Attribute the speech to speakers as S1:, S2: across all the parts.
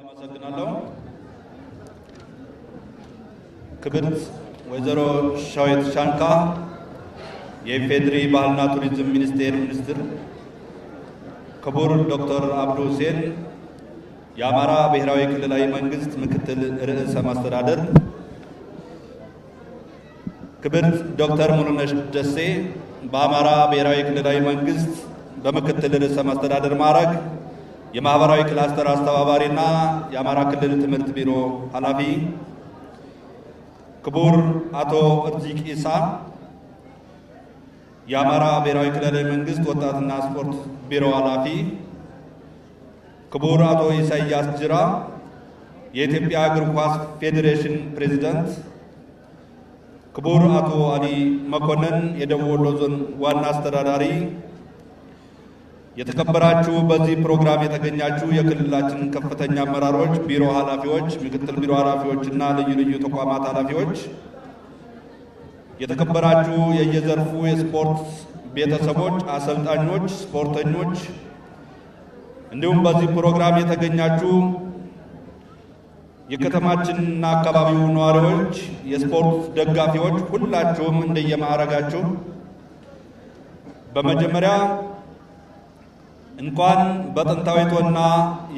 S1: አመሰግናለሁ። ክብርት ወይዘሮ ሻዊት ሻንካ የኢፌዴሪ ባህልና ቱሪዝም ሚኒስቴር ሚኒስትር፣ ክቡር ዶክተር አብዱ ሁሴን የአማራ ብሔራዊ ክልላዊ መንግስት ምክትል ርዕሰ መስተዳድር፣ ክብርት ዶክተር ሙሉነሽ ደሴ በአማራ ብሔራዊ ክልላዊ መንግስት በምክትል ርዕሰ መስተዳድር ማዕረግ የማህበራዊ ክላስተር አስተባባሪና የአማራ ክልል ትምህርት ቢሮ ኃላፊ ክቡር አቶ እርዚቅ ኢሳ፣ የአማራ ብሔራዊ ክልላዊ መንግስት ወጣትና ስፖርት ቢሮ ኃላፊ ክቡር አቶ ኢሳያስ ጅራ፣ የኢትዮጵያ እግር ኳስ ፌዴሬሽን ፕሬዚዳንት ክቡር አቶ አሊ መኮንን፣ የደቡብ ወሎ ዞን ዋና አስተዳዳሪ የተከበራችሁ በዚህ ፕሮግራም የተገኛችሁ የክልላችን ከፍተኛ አመራሮች፣ ቢሮ ኃላፊዎች፣ ምክትል ቢሮ ኃላፊዎች እና ልዩ ልዩ ተቋማት ኃላፊዎች፣ የተከበራችሁ የየዘርፉ የስፖርት ቤተሰቦች፣ አሰልጣኞች፣ ስፖርተኞች እንዲሁም በዚህ ፕሮግራም የተገኛችሁ የከተማችንና አካባቢው ነዋሪዎች፣ የስፖርት ደጋፊዎች ሁላችሁም እንደየማዕረጋችሁ በመጀመሪያ እንኳን በጥንታዊቷና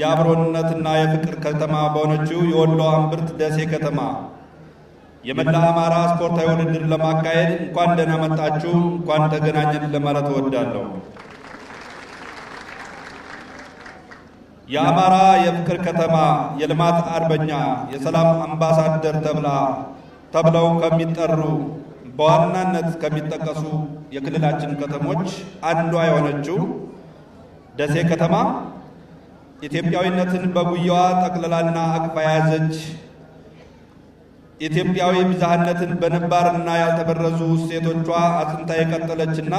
S1: የአብሮነትና የፍቅር ከተማ በሆነችው የወሎ አምብርት ደሴ ከተማ የመላ አማራ ስፖርታዊ ውድድር ለማካሄድ እንኳን ደህና መጣችሁ፣ እንኳን ተገናኘን ለማለት እወዳለሁ። የአማራ የፍቅር ከተማ የልማት አርበኛ የሰላም አምባሳደር ተብላ ተብለው ከሚጠሩ በዋናነት ከሚጠቀሱ የክልላችን ከተሞች አንዷ የሆነችው ደሴ ከተማ ኢትዮጵያዊነትን በጉያዋ ጠቅልላና አቅፋ የያዘች ኢትዮጵያዊ ብዝሃነትን በነባርና ያልተበረዙ እሴቶቿ አጥንታ የቀጠለችና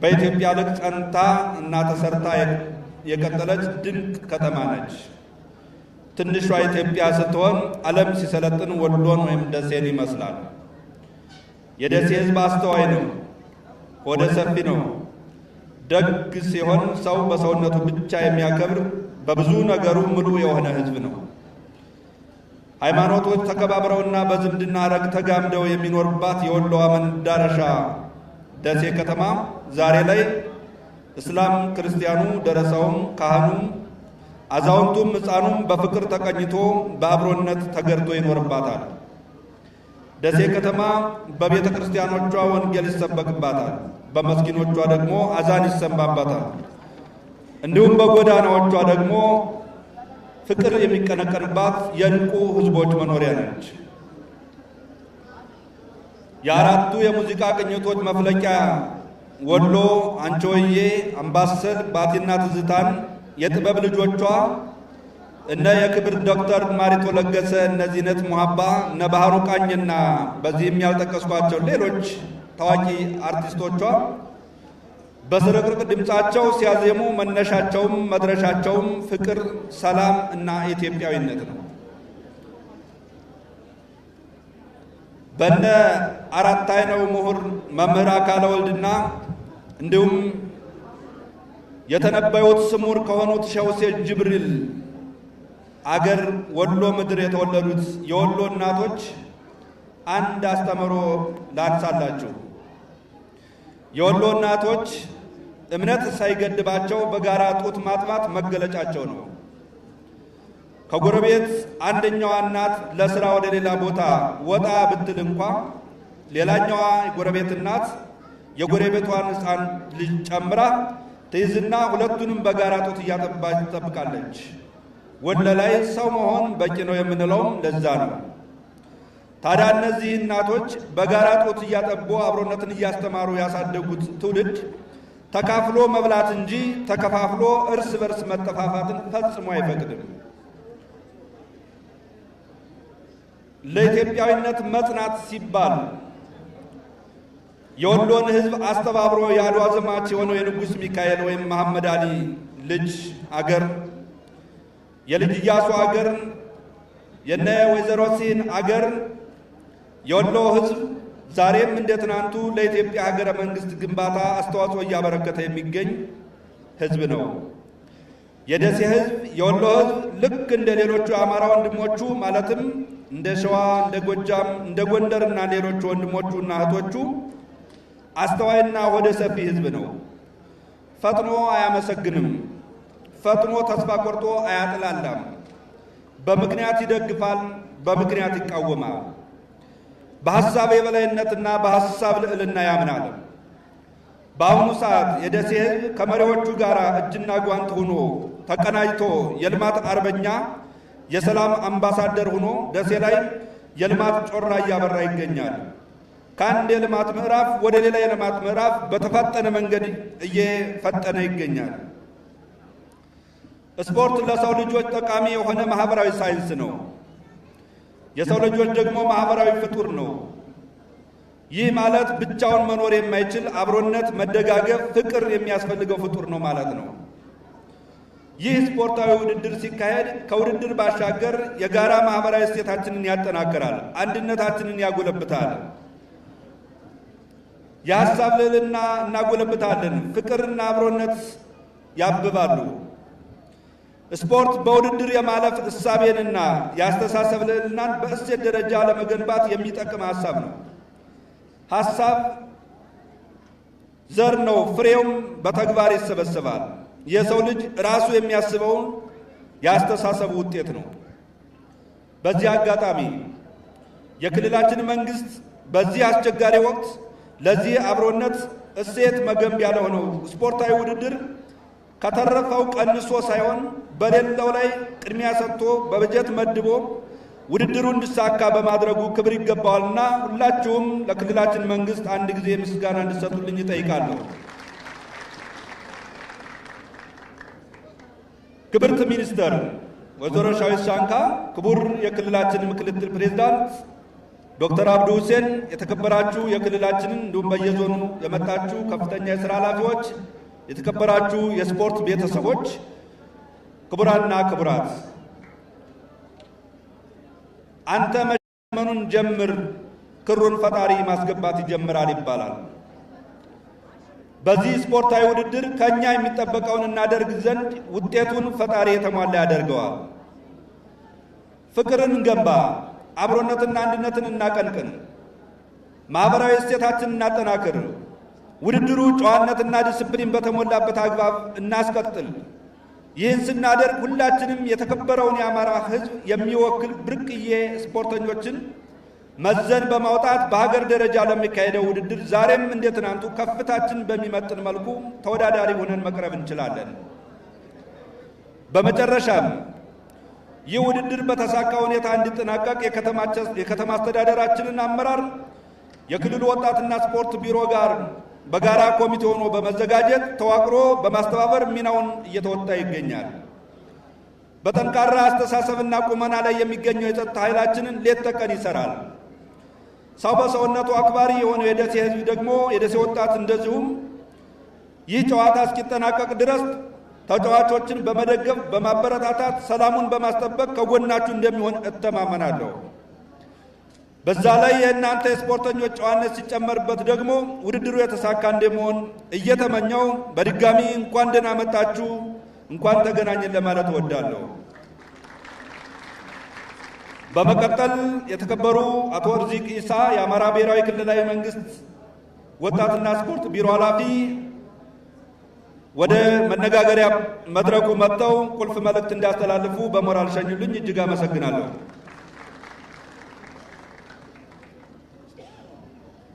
S1: በኢትዮጵያ ልቅ ጸንታ እና ተሰርታ የቀጠለች ድንቅ ከተማ ነች። ትንሿ ኢትዮጵያ ስትሆን ዓለም ሲሰለጥን ወሎን ወይም ደሴን ይመስላል። የደሴ ሕዝብ አስተዋይ ነው። ሆደ ሰፊ ነው። ደግ ሲሆን ሰው በሰውነቱ ብቻ የሚያከብር በብዙ ነገሩ ምሉ የሆነ ህዝብ ነው። ሃይማኖቶች ተከባብረውና በዝምድና ረግ ተጋምደው የሚኖርባት የወሎዋ መዳረሻ ደሴ ከተማ ዛሬ ላይ እስላም ክርስቲያኑ፣ ደረሰውም፣ ካህኑም፣ አዛውንቱም፣ ህፃኑም በፍቅር ተቀኝቶ በአብሮነት ተገርቶ ይኖርባታል። ደሴ ከተማ በቤተ ክርስቲያኖቿ ወንጌል ይሰበክባታል፣ በመስኪኖቿ ደግሞ አዛን ይሰማባታል። እንዲሁም በጎዳናዎቿ ደግሞ ፍቅር የሚቀነቀንባት የእንቁ ሕዝቦች መኖሪያ ነች። የአራቱ የሙዚቃ ቅኝቶች መፍለቂያ ወሎ አንቺሆዬ፣ አምባሰል፣ ባቲና ትዝታን የጥበብ ልጆቿ እነ የክብር ዶክተር ማሪቶ ለገሰ እነ ዚነት ሙሀባ እነ ባህሩ ቃኝና በዚህም ያልጠቀስኳቸው ሌሎች ታዋቂ አርቲስቶቿ በስርቅርቅ ድምፃቸው ሲያዜሙ መነሻቸውም መድረሻቸውም ፍቅር፣ ሰላም እና ኢትዮጵያዊነት ነው። በነ አራት አይነው ምሁር መምህር አካለ ወልድና እንዲሁም የተነበዩት ስሙር ከሆኑት ሸውሴ ጅብሪል አገር ወሎ ምድር የተወለዱት የወሎ እናቶች አንድ አስተምሮ ላንሳላችሁ። የወሎ እናቶች እምነት ሳይገድባቸው በጋራ ጡት ማጥባት መገለጫቸው ነው። ከጎረቤት አንደኛዋ እናት ለስራ ወደ ሌላ ቦታ ወጣ ብትል እንኳ ሌላኛዋ ጎረቤት እናት የጎረቤቷን ሕፃን ልጅ ጨምራ ትይዝና ሁለቱንም በጋራ ጡት እያጠባች ትጠብቃለች። ወንድ ላይ ሰው መሆን በቂ ነው የምንለውም ለዛ ነው። ታዲያ እነዚህ እናቶች በጋራ ጡት እያጠቡ አብሮነትን እያስተማሩ ያሳደጉት ትውልድ ተካፍሎ መብላት እንጂ ተከፋፍሎ እርስ በርስ መጠፋፋትን ፈጽሞ አይፈቅድም። ለኢትዮጵያዊነት መጽናት ሲባል የወሎን ሕዝብ አስተባብሮ የአድዋ ዘማች የሆነው የንጉሥ ሚካኤል ወይም መሐመድ አሊ ልጅ አገር የልጅ ኢያሱ አገር የነ ወይዘሮ ሲን አገር የወሎ ህዝብ ዛሬም እንደ ትናንቱ ለኢትዮጵያ ሀገረ መንግስት ግንባታ አስተዋጽኦ እያበረከተ የሚገኝ ህዝብ ነው። የደሴ ህዝብ፣ የወሎ ህዝብ ልክ እንደ ሌሎቹ የአማራ ወንድሞቹ ማለትም እንደ ሸዋ፣ እንደ ጎጃም፣ እንደ ጎንደር እና ሌሎቹ ወንድሞቹ እና እህቶቹ አስተዋይና ሆደ ሰፊ ህዝብ ነው። ፈጥኖ አያመሰግንም። ፈጥኖ ተስፋ ቆርጦ አያጥላላም። በምክንያት ይደግፋል፣ በምክንያት ይቃወማል። በሐሳብ የበላይነትና በሐሳብ ልዕልና ያምናል። በአሁኑ ሰዓት የደሴ ሕዝብ ከመሪዎቹ ጋር እጅና ጓንት ሆኖ ተቀናጅቶ የልማት አርበኛ፣ የሰላም አምባሳደር ሆኖ ደሴ ላይ የልማት ጮራ እያበራ ይገኛል። ከአንድ የልማት ምዕራፍ ወደ ሌላ የልማት ምዕራፍ በተፋጠነ መንገድ እየፈጠነ ይገኛል። ስፖርት ለሰው ልጆች ጠቃሚ የሆነ ማህበራዊ ሳይንስ ነው። የሰው ልጆች ደግሞ ማህበራዊ ፍጡር ነው። ይህ ማለት ብቻውን መኖር የማይችል አብሮነት፣ መደጋገፍ፣ ፍቅር የሚያስፈልገው ፍጡር ነው ማለት ነው። ይህ ስፖርታዊ ውድድር ሲካሄድ ከውድድር ባሻገር የጋራ ማህበራዊ እሴታችንን ያጠናክራል፣ አንድነታችንን ያጎለብታል። የሀሳብ ልዕልና እናጎለብታለን፣ ፍቅርና አብሮነት ያብባሉ። ስፖርት በውድድር የማለፍ እሳቤንና የአስተሳሰብ ልዕልናን በእሴት ደረጃ ለመገንባት የሚጠቅም ሀሳብ ነው። ሀሳብ ዘር ነው፣ ፍሬውም በተግባር ይሰበሰባል። የሰው ልጅ ራሱ የሚያስበውን የአስተሳሰብ ውጤት ነው። በዚህ አጋጣሚ የክልላችን መንግስት በዚህ አስቸጋሪ ወቅት ለዚህ አብሮነት እሴት መገንቢያ ለሆነው ስፖርታዊ ውድድር ከተረፈው ቀንሶ ሳይሆን በሌለው ላይ ቅድሚያ ሰጥቶ በበጀት መድቦ ውድድሩ እንዲሳካ በማድረጉ ክብር ይገባዋልና ሁላችሁም ለክልላችን መንግስት አንድ ጊዜ ምስጋና እንድሰጡልኝ ይጠይቃለሁ። ክብርት ሚኒስተር ወይዘሮ ሻዊት ሻንካ፣ ክቡር የክልላችን ምክትል ፕሬዝዳንት ዶክተር አብዱ ሁሴን፣ የተከበራችሁ የክልላችንን እንዲሁም በየዞኑ የመጣችሁ ከፍተኛ የስራ ኃላፊዎች የተከበራችሁ የስፖርት ቤተሰቦች፣ ክቡራና ክቡራት፣ አንተ መመኑን ጀምር፣ ክሩን ፈጣሪ ማስገባት ይጀምራል ይባላል። በዚህ ስፖርታዊ ውድድር ከእኛ የሚጠበቀውን እናደርግ ዘንድ ውጤቱን ፈጣሪ የተሟላ ያደርገዋል። ፍቅርን እንገንባ፣ አብሮነትና አንድነትን እናቀንቅን፣ ማኅበራዊ እሴታችንን እናጠናክር። ውድድሩ ጨዋነትና ዲስፕሊን በተሞላበት አግባብ እናስቀጥል። ይህን ስናደርግ ሁላችንም የተከበረውን የአማራ ሕዝብ የሚወክል ብርቅዬ ስፖርተኞችን መዘን በማውጣት በሀገር ደረጃ ለሚካሄደው ውድድር ዛሬም እንደ ትናንቱ ከፍታችን በሚመጥን መልኩ ተወዳዳሪ ሆነን መቅረብ እንችላለን። በመጨረሻም ይህ ውድድር በተሳካ ሁኔታ እንዲጠናቀቅ የከተማ አስተዳደራችንን አመራር፣ የክልሉ ወጣትና ስፖርት ቢሮ ጋር በጋራ ኮሚቴ ሆኖ በመዘጋጀት ተዋቅሮ በማስተባበር ሚናውን እየተወጣ ይገኛል። በጠንካራ አስተሳሰብና ቁመና ላይ የሚገኘው የጸጥታ ኃይላችንን ሌት ተቀን ይሰራል። ሰው በሰውነቱ አክባሪ የሆነው የደሴ ሕዝብ ደግሞ የደሴ ወጣት እንደዚሁም ይህ ጨዋታ እስኪጠናቀቅ ድረስ ተጫዋቾችን በመደገፍ በማበረታታት ሰላሙን በማስጠበቅ ከጎናችሁ እንደሚሆን እተማመናለሁ። በዛ ላይ የእናንተ የስፖርተኞች ጨዋነት ሲጨመርበት ደግሞ ውድድሩ የተሳካ እንደመሆን እየተመኘው በድጋሚ እንኳን ደህና መጣችሁ፣ እንኳን ተገናኘን ለማለት እወዳለሁ። በመቀጠል የተከበሩ አቶ ርዚቅ ኢሳ የአማራ ብሔራዊ ክልላዊ መንግስት ወጣትና ስፖርት ቢሮ ኃላፊ ወደ መነጋገሪያ መድረኩ መጥተው ቁልፍ መልእክት እንዳስተላልፉ በሞራል ሸኙልኝ። እጅግ አመሰግናለሁ።